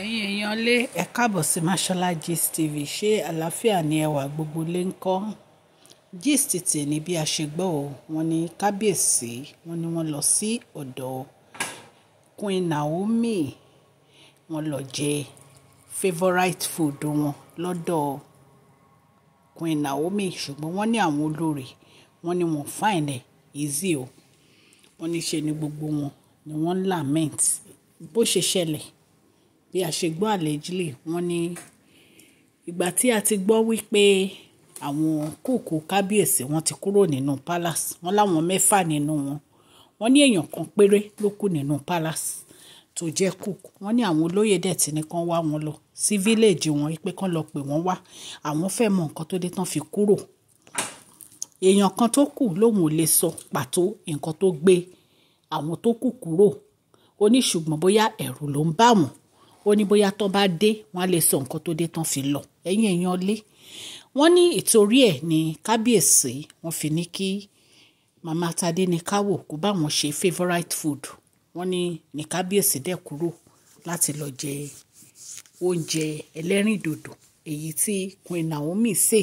ẹ̀yin èèyàn lé ẹ káàbọ̀ sí Mashola Gist TV ṣé àlàáfíà ni ẹwà gbogbo lè ń kọ́ gist tèmi bí a ṣe gbọ́ ọ wọ́n ní kábíyèsí wọ́n ní wọ́n lọ sí ọ̀dọ̀ Queen Naomi wọ́n lọ jẹ favourite food wọn lọ́dọ̀ Queen Naomi ṣùgbọ́n wọ́n ní àwọn olórí wọ́n ní wọ́n fine ẹ̀ easy o wọ́n ní ṣe ni gbogbo wọn ni wọ́n lament bó ṣe ṣẹlẹ̀ bí a ṣe gbọ́ allegedly wọ́n ní ìgbà tí a ti gbọ́ wípé àwọn kòkó kábíyèsí wọ́n ti kúrò nínú palace wọ́n láwọn mẹ́fà nínú wọn wọ́n ní èèyàn kan péré ló kù nínú palace tó jẹ́ cook wọ́n ní àwọn olóyè dẹ̀ tí nìkan wá wọn lọ sí fílẹ̀jì wọn pé kán lọ pè wọ́n wá àwọn fẹ́ mọ nǹkan tó dé tán fi kúrò èèyàn kan tó kù lòun ò lè sọ pàtó nǹkan tó gbé àwọn tó kù kúrò ó ní ṣùgbọ́n bóyá ẹ̀rù ló ń bà wọ́n ó ní bóyá tán bá dé wọn á lè sọ nǹkan tó dé tán fi lọ ẹ̀yìn èèyàn lé wọ́n ní ìtorí ẹ̀ ní kábíyèsí wọ́n fi ní kí màmá tadé ní káwò kó bá wọn ṣe favourite food wọ́n ní ní kábíyèsí dẹ̀ kúrò láti lọ jẹ oúnjẹ ẹlẹ́rìndòdò èyí tí Queen Naomi sè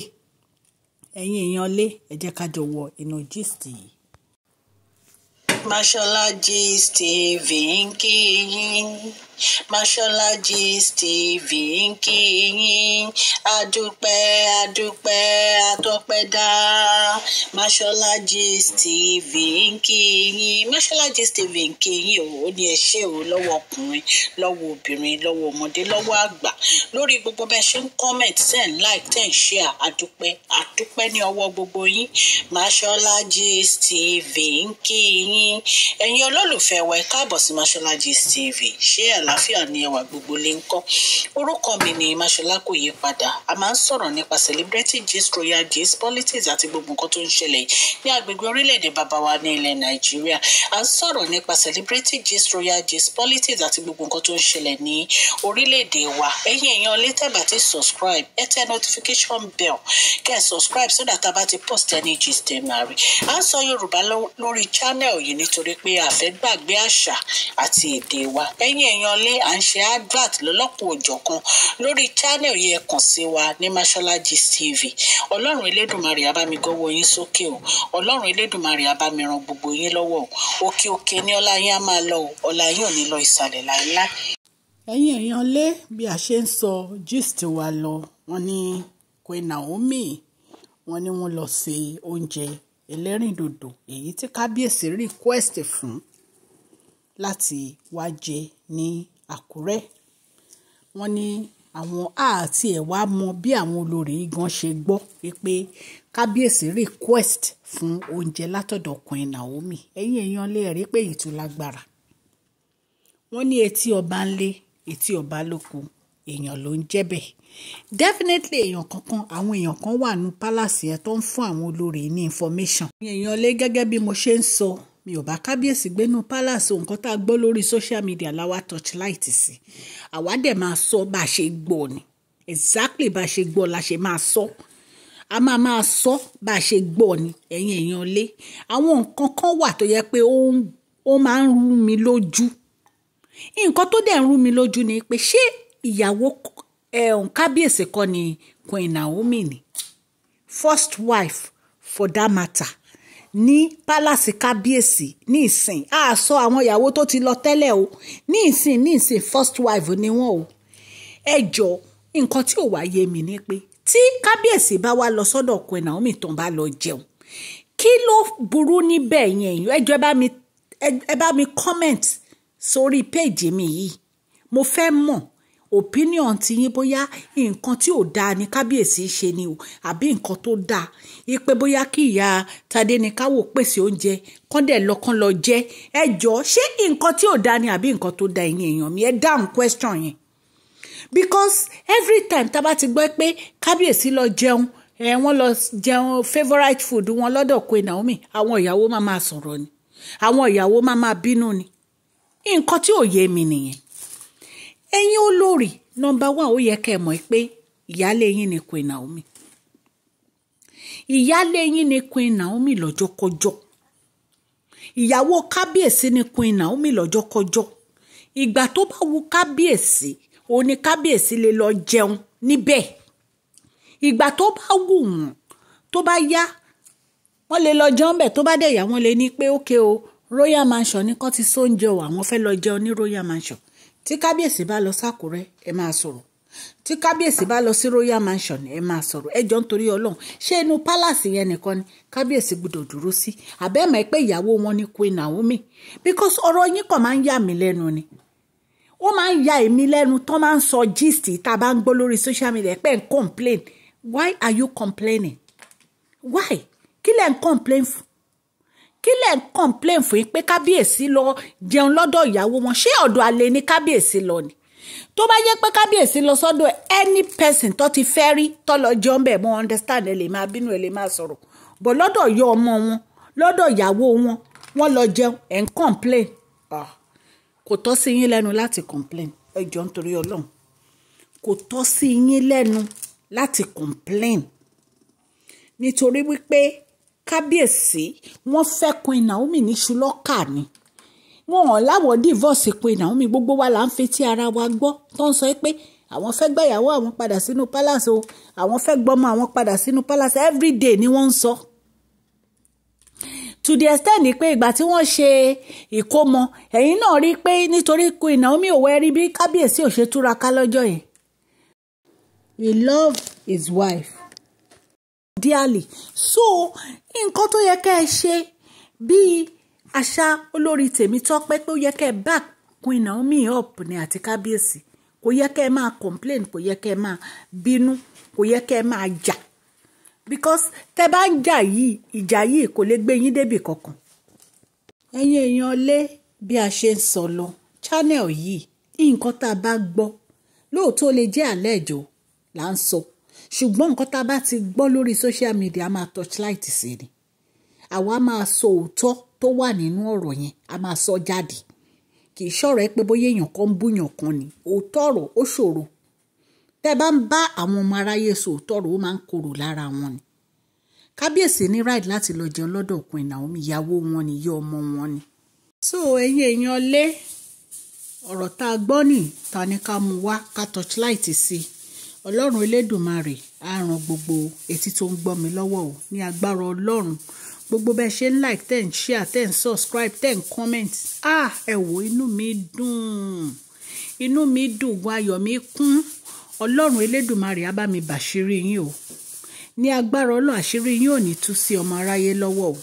ẹ̀yin èèyàn lé ẹ jẹ́ ká jọ wọ inú gist yìí. Mashola Gist TV ń kí yín. Mashola Gist TV ń kí yín adúpẹ́ adúpẹ́ atọ́pẹ́dá Mashola Gist TV ń kí yín Mashola Gist TV ń kí yín o ó ní ẹ ṣé o lọ́wọ́ ọkùnrin lọ́wọ́ obìnrin lọ́wọ́ ọmọdé lọ́wọ́ àgbà lórí gbogbo bẹ́ẹ̀ ṣe ń comment send like ten share adúpẹ́ adúpẹ́ ní ọwọ́ gbogbo yín Mashola Gist TV ń kí yín ẹ̀yin olólùfẹ́ wa ẹ káàbọ̀ sí Mashola Gist ṣé ẹ̀ àlàáfíà ni ẹwà gbogbo lè ń kọ́ orúkọ mi ni Máṣọlá kò yí padà a máa ń sọ̀rọ̀ nípa celebrity gist royal gist politics àti gbogbo nǹkan tó ń ṣẹlẹ̀ ní agbègbè orílẹ̀-èdè bàbá ní ilẹ̀ Nàìjíríà a ń sọ̀rọ̀ nípa celebrity gist royal gist politics àti gbogbo nǹkan tó ń ṣẹlẹ̀ ní orílẹ̀-èdè wa ẹ̀yin èèyàn lè tẹ́ ti subscribe ẹ tẹ notification bell kẹ́ ẹ subscribe so that a bá ti post any gist ẹ̀ máa rí à ń sọ Yorùbá lórí channel yìí nítorí pé a fẹ́ gbàgbé àṣà àti èdè wa ẹ̀yin èèyàn lọlé à ń ṣe advert lọ́lọ́kùn òjọ̀kan lórí channel yẹn kàn sí wa ní mashola gist tv ọlọ́run elédùnmarè abamigọ́wọ́ yín sókè o ọlọ́run elédùnmarè abamiran gbogbo yín lọ́wọ́ o òkè òkè ní ọlá yín á máa lọ o ọlá yín ò ní lọ ìsàlẹ̀ láíláí. ẹ̀yin èèyàn lé bí a ṣe ń sọ gist wa lọ wọ́n ní Queen Naomi wọ́n ní wọ́n lọ ṣe oúnjẹ ẹlẹ́rìndòdò èyí tí kábíyèsí request fún láti wá jẹ ní Àkúrẹ́. Wọ́n ní àwọn àti ẹ̀ wá mọ bí àwọn olórí gan ṣe gbọ́ pé kábíyèsí request fún oúnjẹ látọ̀dọ̀ Queen Naomi ẹ̀yìn èèyàn lè rí pé èyí tó lágbára. Wọ́n ní etí ọba ńlé etí ọba lóko èèyàn ló ń jẹ́bẹ̀ definitely èèyàn kankan àwọn èèyàn kan wà ní pálásì ẹ̀ tó ń fún àwọn olórí ní information. èèyàn lé gẹ́gẹ́ bí mo ṣe ń sọ mi ò bá kábíyèsí gbénú palace nǹkan tá a gbọ́ lórí social media láwa torchlight sí àwa dẹ̀ máa sọ bá a ṣe gbọ́ ni exactly bá a ṣe gbọ́ la ṣe máa sọ a máa máa sọ bá a ṣe gbọ́ ni ẹ̀yin èèyàn lé àwọn nǹkan kan wà tó yẹ pé ó máa ń rú mi lójú nǹkan tó dẹ̀ ń rú mi lójú ni pé ṣé ìyàwó ẹ̀hún kábíyèsí kọ́ ni Queen Naomi ni first wife for that matter ní pálásì kábíyèsí ní ìsìn a sọ àwọn ìyàwó tó ti lọ tẹ́lẹ̀ o ní ìsìn ní ìsìn first wife ni wọ́n o ẹ jọ nǹkan tí ò wá yé mi ni pé tí kábíyèsí bá wá lọ sọ́dọ̀ Queen Naomi tó ń bá lọ jẹun kí ló burú níbẹ̀ yẹn ẹ jọ ẹ bá mi comment sórí péèjì mi yìí mo fẹ́ mọ̀ opinion ti yín bóyá nǹkan tí ò dáa ni kábíyèsí ṣe ni o àbí nǹkan tó dáa ipe bóyá kí ìyá tadé ni káwò pèsè oúnjẹ kọ́ndẹ̀ lọ́kàn lọ jẹ́ ẹ jọ ṣé nǹkan tí ò dáa ni àbí nǹkan tó dáa ẹ̀yin èèyàn mi ẹ dáhùn question yẹn because every time tá a bá ti gbọ́ pé kábíyèsí lọ jẹun ẹ wọ́n lọ jẹun favourite food wọn lọ́dọ̀ kwe Naomi àwọn ìyàwó máa máa sọ̀rọ̀ ni àwọn ìyàwó máa máa bínú ni nǹkan tí ò yé mi nìyẹn ẹ̀yin olórí nọmba one ó yẹ kẹ́ ẹ mọ̀ pé ìyáálé yín ni Queen Naomi ìyáálé yín ni Queen Naomi lọ́jọ́kọjọ́ ìyàwó kábíyèsí ni Queen Naomi lọ́jọ́kọjọ́ ìgbà tó bá wu kábíyèsí òun ni kábíyèsí lè lọ jẹun níbẹ̀ ìgbà tó bá wù wọ́n tó bá yá wọ́n lè lọ jẹun bẹ̀ tó bá dẹ̀ yá wọ́n lè ní pé ókè o royal mansion ni kán ti sóúnjẹ o àwọn fẹ́ lọ jẹun ní royal mansion tí kábíyèsí bá lọ sákúrẹ́ ẹ máa sọ̀rọ̀ tí kábíyèsí bá lọ sí royal mansion ẹ máa sọ̀rọ̀ ẹ jọ ń torí ọlọ́run ṣé inú palace yẹn nìkan ni kábíyèsí gbọ́dọ̀ dúró sí àbẹ́mọ̀ ẹ pé ìyàwó wọn ni queen naomi because ọ̀rọ̀ yín kàn máa ń yà mí lẹ́nu ni ó máa ń ya èmi lẹ́nu tán máa ń sọ gist tá a bá ń gbọ́ lórí social media pé ń complain why are you complaining why kí lẹ̀ ń complain fún kí lẹ̀ ń complain fún yín pé kábíyèsí lọ jẹun lọ́dọ̀ ìyàwó wọn ṣé ọ̀dọ̀ àlè ni kábíyèsí lọ ni tó bá jẹ́ pé kábíyèsí lọ sọ́dọ̀ any person tó ti fẹ́ rí tó lọ jẹun bẹ́ẹ̀ mo understand ẹ lè máa bínú ẹ lè máa sọ̀rọ̀ bọ̀ lọ́dọ̀ yọ ọmọ wọn lọ́dọ̀ ìyàwó wọn wọ́n lọ jẹun ẹ̀ ń complain ah, kò tọ́ sí yín lẹ́nu láti complain ẹ jọ nítorí ọlọ́run kò tọ́ sí yín lẹ́nu láti complain nítorí wípé kábíyèsí wọ́n fẹ́ Queen Naomi níṣu lọ́kà ni wọn ò láwọn divorce Queen Naomi gbogbo wa là ń fetí ara wa gbọ́ tó ń sọ pé àwọn fẹ́ gbàyàwó àwọn padà sínú palace o àwọn fẹ́ gbọ́mọ àwọn padà sínú palace everyday ni wọ́n ń sọ. to the extent pé ìgbà tí wọ́n ṣe ìkómọ ẹ̀yin náà rí i pé nítorí Queen Naomi ò wẹ́rí bí kábíyèsí ò ṣe túraká lọ́jọ́ yẹn. he loved his wife dearly so nǹkan tó yẹ kẹ́ ẹ ṣe bíi àṣà olórí Tèmítọ́pẹ́ pé ó yẹ kẹ́ ẹ back Queen Naomi up ni àti kábíyèsí kò yẹ kẹ́ ẹ máa complain kò yẹ kẹ́ ẹ máa bínú kò yẹ kẹ́ ẹ máa jà because tẹ́ bá ń jà yìí ìjà yìí kò lè gbé yín débì kankan. ẹ̀yin èèyàn lé bí a ṣe ń sọ lọ channel yìí nǹkan tá a bá gbọ́ lóòótọ́ lè jẹ́ àlejò là ń sọ ṣùgbọ́n nǹkan tá a bá ti gbọ́ lórí social media a máa torchlight sí ni àwa máa sọ òótọ́ tó wà nínú ọ̀rọ̀ yẹn a máa sọ jáde kì í ṣọ̀rọ̀ ẹ pé bóyá èèyàn kan ń búyàn kan ni òótọ́ ọ̀rọ̀ ó ṣòro tẹ́ ẹ bá ń bá àwọn ọmọ aráyé sọ òótọ́ ọ̀rọ̀ ó máa ń korò lára wọn ni kábíyèsí ní right láti lọ jẹun lọ́dọ̀ Queen Naomi ìyàwó wọn ni ìyá ọmọ wọn ni. so ẹ̀yin èèyàn lé ọ̀rọ̀ tá a gbọ́ nì ta ni ká mú wá ká torchlight sí i ọlọ́run elédùnmarè á ran gbogbo etí tó ń gbọ́ mi lọ́wọ́ o ní agbára ọlọ́run gbogbo bẹ́ẹ̀ ṣe ń like ten share ten subscribe ten comment ah ẹ wò inú mi dùn inú mi dùn gun ayọ̀ mi kún ọlọ́run elédùnmarè á bá mi bàṣírí yín o ní agbára ọlọ́run àṣírí yín ò ní tú sí ọmọ aráyé lọ́wọ́ o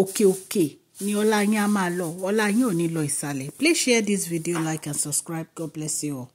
òkè òkè ni ọlá yín á máa lọ ọlá yín ò ní lọ ìsàlẹ̀ please share this video like and subscribe god bless you all.